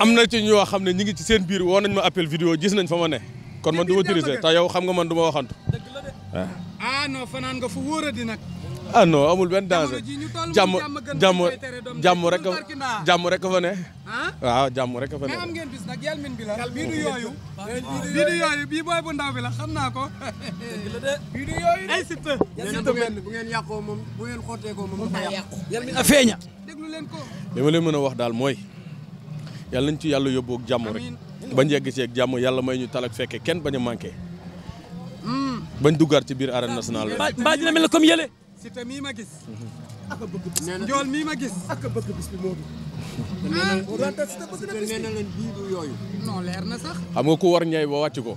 am na ci ñoo xam ne ñi ngi ci seen biir woo nañ ma appel vidéo gis nañ fa ma ne kon man du ma triser te yow xam nga man du ma waxantu waaw ah non fanaan nga fu wóor a di nag ah non amul benn danger jàmm jàmm jàmm rek jàmm rek fa ne ah? waaw jàmm rek fa ne am ngeen bis nag yal min bi la bii du yooyu bii du yooyu la xam naa ko bii du yooyu ay sitte bu ngeen yàqoo moom bu ngeen xootee ko moom a feeña déglu leen ko ma leen mën a wax daal mooy yàlla nañ ci yàlla yóbbu ak jàmm rek bañ yegg ci ak jàmm yàlla may ñu tal ak fekke kenn bañ a manqué hmm. bañ duggaat ci biir arène nationale bi mbaa dina mel ne comme yële si te mii ma gis mhm. ak mii ma gis ak a ah, na xam nga ko war ñay ba wàcc ko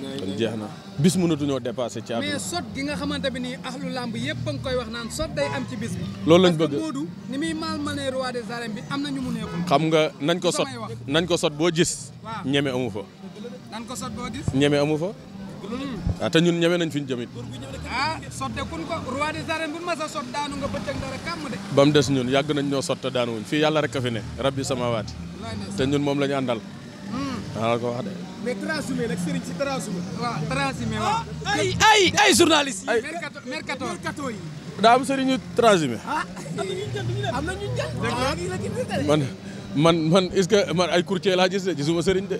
kon jeex na bis mënatuñoo dépassé ci àdduna mais sot gi nga xamante bi nii axlu làmb yëpp a nga koy wax naan sot day am ci bis bi loolu lañu bëgg Modou ni muy mal malee roi des arènes bi am na ñu mu neexul xam nga nañ ko sot nañ ko sot boo gis ñeme amu fa nañ ko sot boo amu fa ah te ñun ñeme nañ fi ñu jëmit ah sotte kun ko roi des ñun yàgg nañ ñoo sotte daanu wuñ fii yàlla rek a fi ne sama samawaati te ñun moom la ñu àndal mm. ah, ko wax de mais transhumé nag Serigne si transhumé. waaw transhumé ah, waaw. Ah, ay ah, ay ay journaliste. ay mercato mercato man man man ce man ay courtier laa gis de gisuma Serigne de.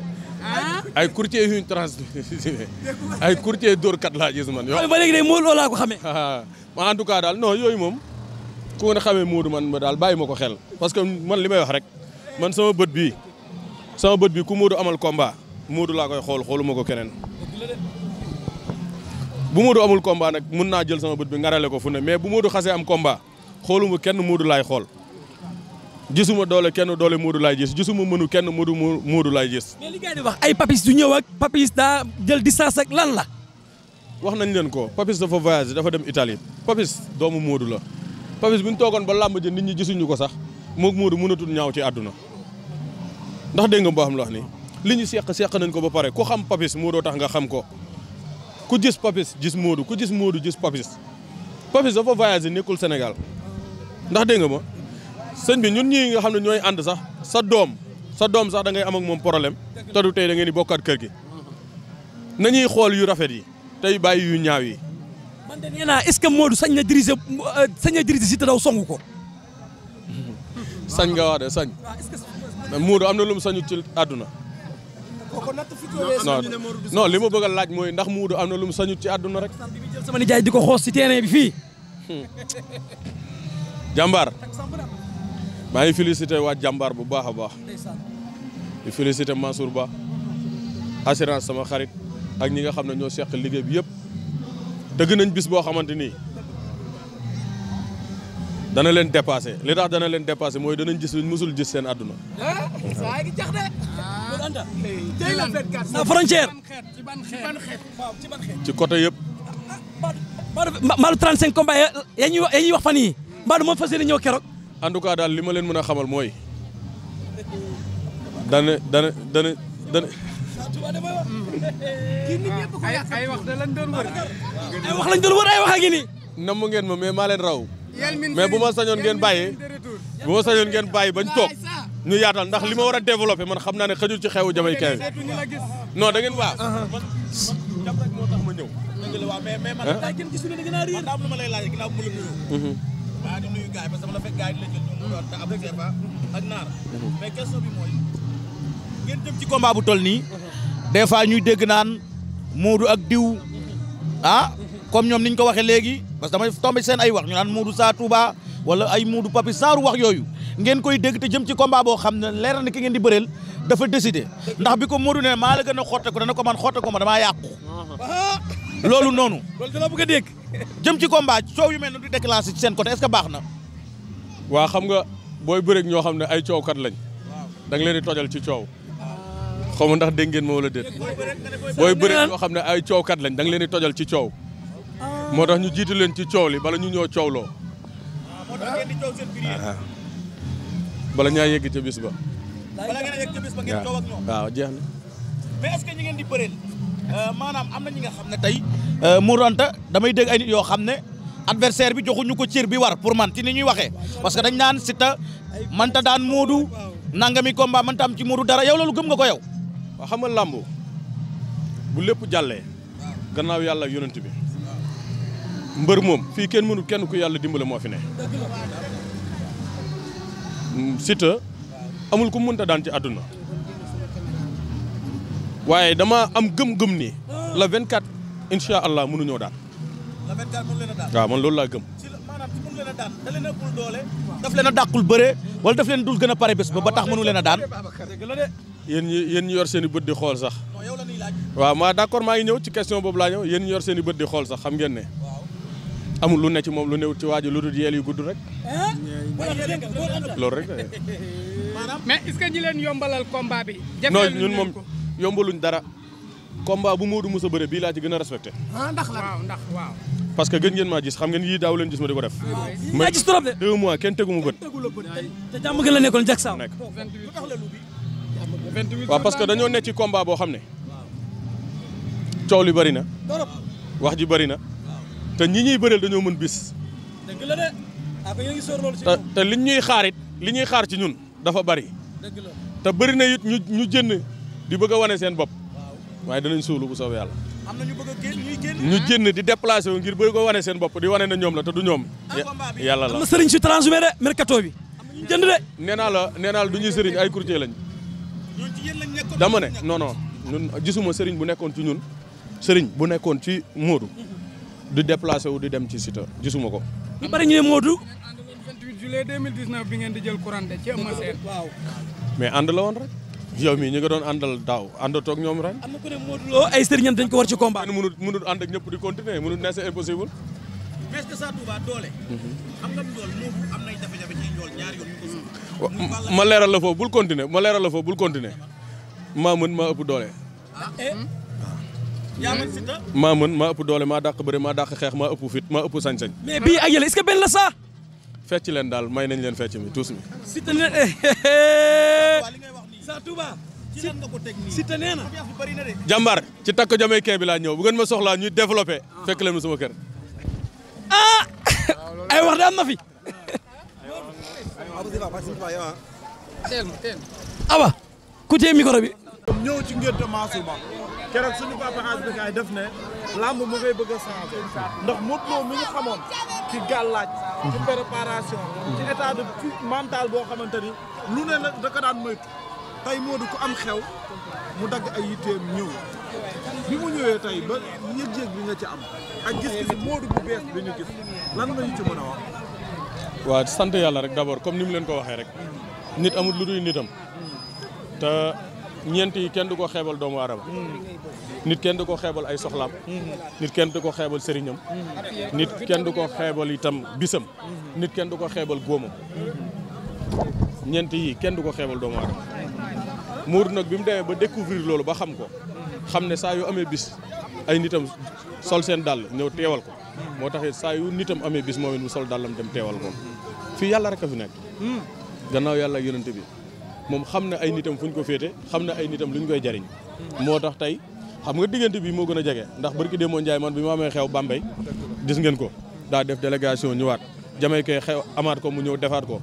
ay courtier yu ñu transhumé ay courtier dóorkat laa gis man. yow ba léegi de Modou Lo laa ko xamee. en tout cas daal no yooyu moom ku ngeen xamee Modou man ma daal bàyyi ma ko xel parce que man li may wax rek man sama bët bii sama bët bii ku Modou amal komba Modou laa koy xool xooluma ko keneen bu Modou amul combat nag mun naa jël sama bët bi ngarale ko fu ne mais bu Modou xasee am combat xooluma kenn Modou laay xool gisuma doole kenn doole Modou laay gis gisuma mënu kenn Modou Modou laay gis. mais li ngay ay papis du ñëw ak papis daa jël distance ak lan la. wax nañ leen ko papis dafa voyagé dafa dem Italie papis doomu Modou la papis bu ñu toogoon ba làmb ji nit ñi gisuñu ko sax moog Modou mënatul ñaaw ci àdduna ndax dégg nga boo xam la wax nii. li ñu seq seq nañ ko ba pare ku xam papis moodoo tax nga xam ko ku gis papis gis moodu ku gis moodu gis papis papis dafa voyagé nekkul Sénégal ndax dégg nga ma sëñ bi ñun ñii nga xam ne ñooy ànd sax sa doom sa doom sax dangay ngay am ak moom problème te du tey da ngeen di bokkaat kër gi nañuy xool yu rafet yi tey bàyyi yu ñaaw yi. man de naa est-ce que Modou sañ na diriger sañ na diriger Siteu daw songu ko. sañ nga wax de sañ. Modou am na lu mu sañu ci àdduna. kooku natt fi li ma bëgg a laaj mooy ndax Modou am na lu mu sañut ci àdduna rek. sama nijaay di ko xoos si terrain bi fii. Hmm. jàmbaar maa ngi félicité waa jàmbaar bu baax a baax. di félicité Mansour Ba assurance sama xarit ak ñi nga xam ne ñoo seq liggéey bi yëpp. dëgg nañ bis boo xamante ni. dana leen dépassé li tax dana leen dépassé mooy danañ gis luñ musul jis seen àdduna. saa yi sa frontière. ci ban xeet ci ban xeet. ci côté yëpp. Mbadou 35 combats ya ñuy wax ya fan yi Mbadou moom fas yéene ñëw keroog. en tout cas daal li ma leen mën a xamal mooy. dana dana dana dana. ay wax lañ doon wër ay wax a ngi nii. namm ngeen ma mais maa leen raw. mais bu ma sañoon ngeen bàyyi bu ma sañoon ngeen bàyyi bañ toog ñu yaatal ndax li ma war a développé man xam naa ne xëjul ci xewu jamaïcain bi non da ngeen waaw uh-huh. man jàpp rek moo tax ma ñëw mais mais man da ngeen gisul da ngeen a ma lay laaj ginnaaw mu la mm-hmm. nuyu waa di nuyu gaay parce que dama la fekk gaay di la mm-hmm. bi mooy ngeen jëm ci combat bu tol nii mm-hmm. des fois ñuy dégg naan Modou ak diw ah comme ñoom niñ ko waxee léegi parce que damay tombé seen ay wax ñu naan Moodu Sa Touba wala ay Moodu Papi saaru wax yooyu ngeen koy dégg te jëm ci combat boo xam ne leer na ki ngeen di bëreel dafa décidé ndax bi ko Moodu ne maa la gën a xotte ko dana ko man xotte ko ma damaa yàqu loolu noonu loolu dina bëgg a dégg jëm ci combat soow yu mel ne du déclenché ci seen côté est-ce baax na waa xam nga booy bëreeg ñoo xam ne ay coowkat lañ da nga leen di tojal ci coow xaw ma ndax dégg ngeen ma wala déet booy bëreeg ñoo xam ne ay coowkat lañ da leen di tojal ci coow moo tax ñu jiitu leen ci coow li bala ñu ñëw coowloo. moo tax ngeen di coow seen biir ah. bala ñaa yegg ca bis ba. a waaw jeex na. mais est que ñi ngeen di bëreel euh, maanaam am na ñi nga xam ne tey euh, Mourou Anta damay dëgg ay nit yoo xam ne adversaire bi joxuñu ko ciir bi war pour man ci ni ñuy waxee parce que dañ naan Siteu mënta daan Modou nangami combat mënta am ci Modou dara yow loolu gëm nga ko yow. waaw xam nga làmb bu lépp jàllee gannaaw yàlla ak yonent bi. mbër moom fii kenn mënul kenn ku yàlla dimbale moo fi ne mm, Siteu amul ku mënta daan ci àdduna waaye dama am gëm-gëm ni la 24 incha allah mënuñoo daan. la 24 mënu leen a daan waaw man loolu laa gëm. maanaam ci mënu leen a a a dàqul dul gën a pare bés ba ba tax mënu leen daan. yéen ñi yéen ñu yor seen i bët di xool sax. waaw maa d'accord maa ngi ñëw ci question boobu laa ñëw yéen ñu yor seen bët di xool sax xam ngeen ne. amul lu ne ci moom lu néew ci waaju lu dul yeel yu gudd rek. loolu rek. mais est-ce que ñi leen yombalal combat bi. non ñun moom yombaluñ dara. combat bu Modou musa bëre bii laa ci gën a respecté. Ah, ndax la ndax waaw. parce que gën geen maa gis xam ngeen yii daaw leen gis ma di ko def. ma ah, ah, gis trop de. deux mois kenn tegu mu bët. te jàmm gi la nekkoon jag saaw. nekk waaw parce que dañoo nekk ci combat boo xam ne. coow li bëri na. wax ji bëri na. te ñi ñuy bëreel dañoo mën bis. dëgg la de ah ko ci te liñ ñuy xaar li ñuy xaar ci ñun dafa bari. dëgg la te bëri na it ñu ñu jënn di bëgg a wane seen bopp. waaye danañ suulu bu soobee yàlla. am na ñu bëgg ñu génn di déplacé wu ngir bëgg ko wane seen bopp di wane na ñoom la te du ñoom. Ah, yàlla la am sëriñ si transhumé de mercato bi. jënd de. nee naa la nee naa du ñuy sëriñ ay courtier lañ. dama ne non non ñun gisuma sëriñ bu nekkoon ci ñun sëriñ bu nekkoon ci Modou mm. du déplacé wu di dem ci sito gisuma ko. ñu bari ñu ne Modou. 28 juillet bi ngeen di jël courant de ci waaw. mais ànd la woon rek. yow mii ñi nga doon àndal daaw àndatoo ak ñoom rek am na ku ne Modou ay sëriñam dañ ko war ci combat. mënut mënut ànd ak ñëpp di continuer mënut ne c'est impossible. mais que ça Touba doole. Mhm. am ma leeral la foofu bul continuer ma leeral la foofu bul continuer maa mën ma ëpp doole. Ah, eh? maa mën maa ëpp doole maa dàq bëri maa dàq xeex maa ëpp fit maa ëpp sañ-sañ. bii ak yële est-ce benn la fecc leen daal may nañ leen fecc mi tuus mi. Siteu ne sa Touba. Siteu nee jàmbaar ci takk jamay kee bi laa ñëw bu ngeen ma soxlaa ñuy développé. fekk leen ma sama kër. ah ay wax da am na fi. awa ah. ku tee micro ci ngénte Mansour keroog suñu papa asbikaay def ne làmb mu ngay bëgg a changé ndax Modou Lo mi ñu xamoon ci gàllaaj ci préparation ci état de mental boo xamante ni lu ne da ko daan moytu tey Modou ku am xew mu dagg ay yitteem ñëw bi mu ñëwee tey ba yëg-yëg bi nga ci am ak gis-gis Modou bu bees bi ñu gis lan nga ñu ci mën a wax waaw sant yàlla rek d'abord comme ni mu leen ko waxee rek nit amul lu duy nitam te ñeent yi kenn du ko xeebal doomu aadama nit kenn du ko xeebal ay soxlaam nit kenn du ko xeebal sëriñam nit kenn du ko xeebal itam bisam nit kenn du ko xeebal góomam ñeenti yi kenn du ko xeebal doomu aadama muur nag bi mu demee ba découvrir loolu ba xam ko xam ne saa yu amee bis ay nitam sol seen dàll ñëw teewal ko moo tax it saa yu nitam amee bis moom it mu sol dàllam dem teewal ko fii yàlla rek a fi nekk hmm. gannaaw yàlla yonent bi moom xam na ay nitam fu ñu ko féete xam na ay nitam lu ñu koy jariñ moo tax tey xam nga diggante bi moo gën a jege ndax barki démoo Ndiaye man bi ma amee xew bambay gis ngeen ko daa def délégation ñëwaat jamay koy xew amaat ko mu ñëw defaat ko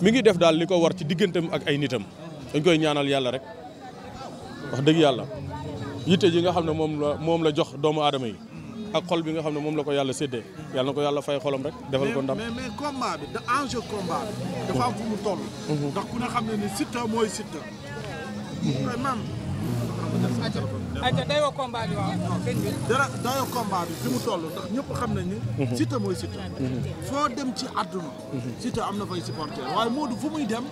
mi ngi def daal li ko war ci digganteem ak ay nitam dañ koy ñaanal yàlla rek wax dëgg yàlla yitte ji nga xam ne moom la moom la jox doomu aadama yi ak xol bi nga xam ne moom la ko yàlla séddee yàlla na ko yàlla fay xolam rek defal ko ndam mais mais combat bi da enjeu combat bi dafa mu toll mhm. ndax ku xam ne ni Siteu mooy Siteu maam dayoo combat bi waaw ñëpp xam nañ ni mhm. Siteu mooy Siteu mhm. foo dem ci àdduna Siteu am na fay supporter waaye Modou fu muy dem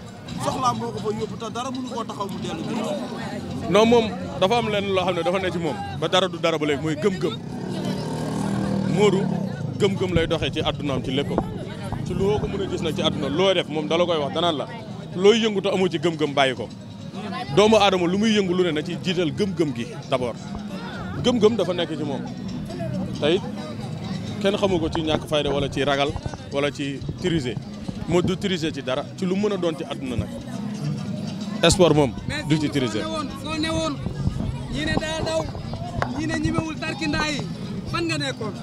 soxlaa moo ko fa yóbbu te dara mënu koo taxaw mu dellu non moom dafa am leen loo xam ne dafa ne ci moom ba dara du dara ba léegi mooy gëm-gëm Modou gëm-gëm lay doxee ci addunaam ci lépp ci loo ko mën a gis nag ci adduna looy def moom dala koy wax danaan la looy yëngu te ci gëm-gëm bàyyi ko doomu aadama lu muy yëngu lu ne na ci jiital gëm-gëm gi d'abord gëm-gëm dafa nekk ci moom tey kenn xamu ko ci ñàkk fayda walla ci ragal wala ci triser moo du triser ci dara ci lu mën a doon ci adduna nag sport moom du ci triser soo newoon ñi ne daa daw ñi ne ñimewul tarkindaa yi nga nekkoon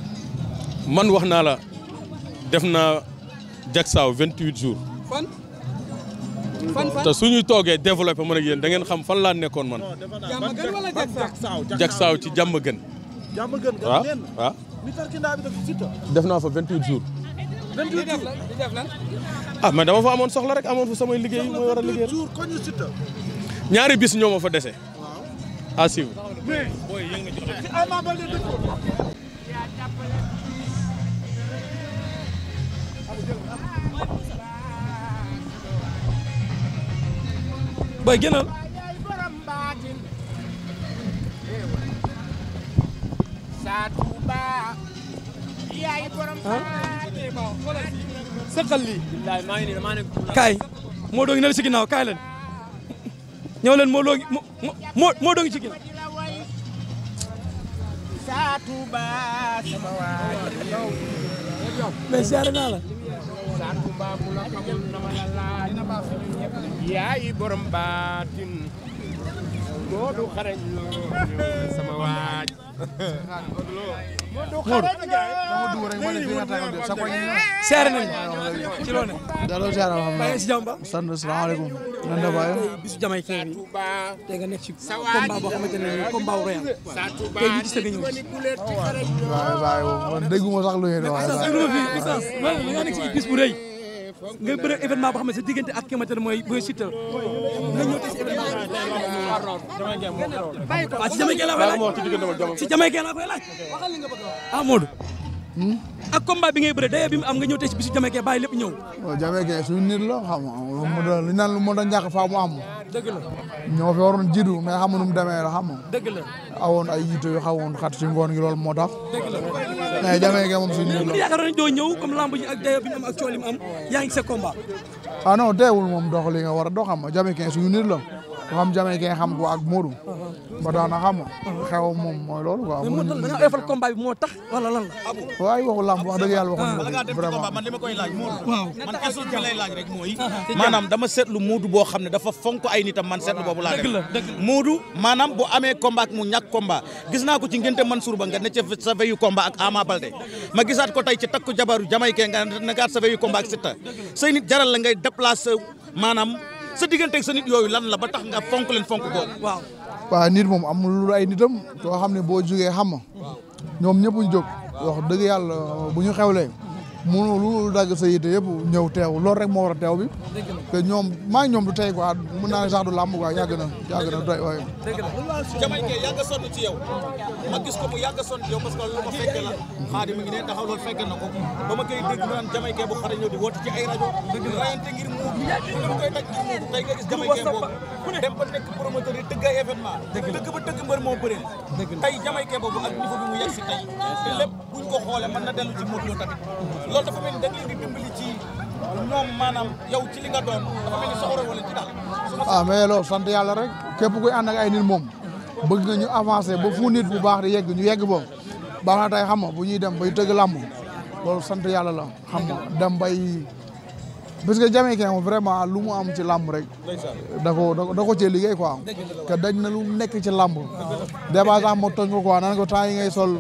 man wax naa la def naa jagsaaw 28 jours. fan fan te suñu toogee développé man a yéen da ngeen xam fan laa nekkoon man. jàmm gën wala jagsaaw ci jàmm gën. jàmm gën waaw ah, ah. def naa fa vingt jours. 28 jours ah mais dama fa amoon soxla rek amoon fa samay liggéey mooy war a liggéey ñaari bis ñooma fa dese. à boy génnal sëqal lii kaay moo doongi nel ci ginnaaw kaay leen ñëw leen moo doongi moo moo doongi ci ginnaaw mais siyaare naa la saan bu mbaa bu la Modou xarañ loo sama waaj Modou xarañ loo seer nañ ci loo ne dalo seer alhamdulilah ci jàmm ba sant asalaamaaleykum nan da bayo bisu jamaïcain bi te nga nekk ci combat boo xamante ne combat royal tey ñu gis nga ñëw waaw waaw man dégguma sax lu ngeen wax man nga nekk ci bis bu rëy nga bëre événement boo xam ne sa diggante ak ki nga xamante ne mooy Siteu nga ñëw ci événement waaw si Jamaïcain laa koy laaj si Jamaïcain laa a laaj ak combat bi nga bëre dayoo mu am nga ñëw tey si bisu Jamaïcain bàyyi lépp ñëw. waaw Jamaïcain suñu nit la xam nga lu ñu naan lu mu doon ñàkk mu am. dëgg la ñoo fi waroon jiitu mais xam nu mu demee la xam nga. dëgg la awoon ay yu xawoon xat si gi loolu moo tax. dëgg la mais Jamaïcain moom suñu nit la. yaakaaroon nañu doo am ah moom dox li war a dox xam nga Jamaïcain suñu nit la ku xam Jamaïcain xam ko ak Modou. ba daana xam xew moom mooy loolu quoi. mais Modou da nga moo tax wala la. waaye waxu lamb wax dëgg yàlla waxoon na ko man li ma koy laaj Modou. waaw man question bi lay laaj rek mooy. maanaam dama seetlu boo ne dafa fonk ay nitam man seetlu boobu laa la dëgg la Modou maanaam bu amee combat mu ñàkk combat gis naa ko ci ngénte Mansour Ba nga ne ca sa veyu combat ak Ama Balde ma gisaat ko tey ci takku jabaru Jamaïcain nga ne sa veyu combat ak Siteu say nit jaral la ngay déplacer maanaam sa digganteeg sa nit yooyu lan la ba tax nga fonk leen fonk googu. waaw waaw nit moom amul ay nitam. koo xam ne boo jugee xam ma. ñoom ñëpp ñu jóg. wax dëgg yàlla bu ñu xewlee. mënoo lu dagg sa yite yëpp ñëw teew lool rek moo war a teew bi ñoom maa ñoom du tey quoi mën naa ne sax du làmb quoi na yàgg na a sonn ci yow ma gis ko mu yàgg a sonn ci yow parce que lu ma fekke la xaadi mu ngi ne taxaw loolu fekke na ko ba ma koy dégg mu naan jamaykee bu xare ñëw di woote ci ay rajo rayante ngir mu ñu koy daj ngir mu tey nga gis jamaykee boobu dem ba nekk promoteur yi dëgg ay événement dëgg ba dëgg mbër moo bëri tey jamaykee boobu ak niveau bi mu yegg si tey lépp bu ko xoolee mën na ah, sant yàlla rek képp kuy ànd ay nit moom bëgg nga ñu avancer ba fu nit bu baax di yegg ñu yegg boobu baax na tey xam nga bu ñuy dem bay tëgg làmb loolu sant yàlla la xam nga dem bay parce que Jamaïcain moom vraiment lu mu am ci làmb rek da ko da ko cee liggéey daj na nekk ci làmb débat sax ma tooñ ko quoi nan ko temps yi ngay sol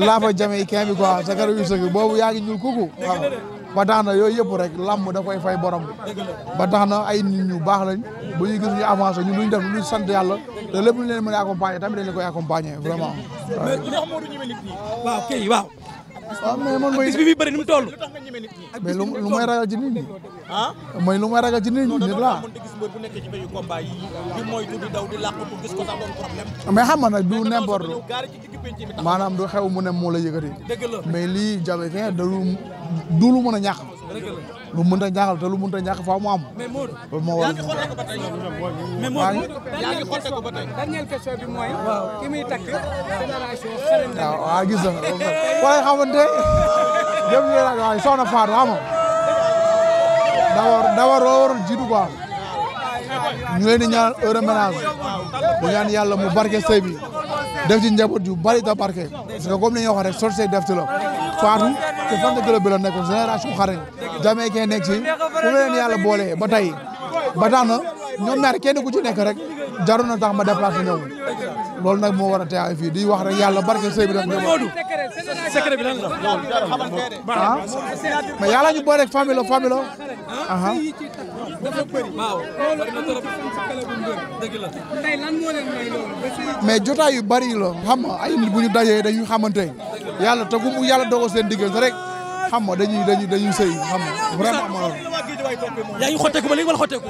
laa laafa jamaïcain bi quoi sa kër yu sëgg boobu yaa ngi ñuul kuku waaw ba tax yooyu yëpp rek làmb da koy fay borom ba tax na ay nit ñu baax lañ bu ñu gis ñu avancé ñu luñ def luñ sant yàlla te lépp lu leen mën a accompagner tamit dañ leen koy accompagner vraiment. waaw mais man mooy bis bi bëri ni mu toll. mais lu lu may ragal ci nit ñi. Ah? ah mooy lu may ragal ci nit ñi nit la mais xam nga nag du n'importe maanaam du xew mu ne moo la yëkkati. mais lii jafe-jafe du lu mën a ñàkk. lu mënta ñàkkal te lu mënta ñàkk faaw mu am. loolu moo waral mais Modou yaa ngi xool ko ba tey. dernière question soxna Fatou xam nga d'abord d'abord ñu leen di ñaanal heure ménage bu ñaan yàlla mu barke sëy bi def ci njaboot yu bari ta barke parce que comme ni ñu rek sotti sëy def ci Fatou te fan de club bi la nekkoon génération xarañ nekk ci ku leen yàlla boole ba tey ba tax na ñoom kenn ku ci nekk rek jaroon na tax ma déplacé ñëw loolu nag moo war a teewaay fii di wax rek yàlla barke sëy bi rek ñu secret bi lan la ah mais yàlla ñu boole rek famille la famille la aha mais jotaay yu bari la xam nga ay nit bu ñu dajee dañuy xamante yàlla te bu yàlla dogal seen diggante rek xam nga dañuy dañuy dañuy sëy xam nga vraiment ma loolu. yaa ngi xotteeku ba léegi wala xotteeku.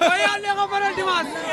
waaw yàlla na ko faral dimanche.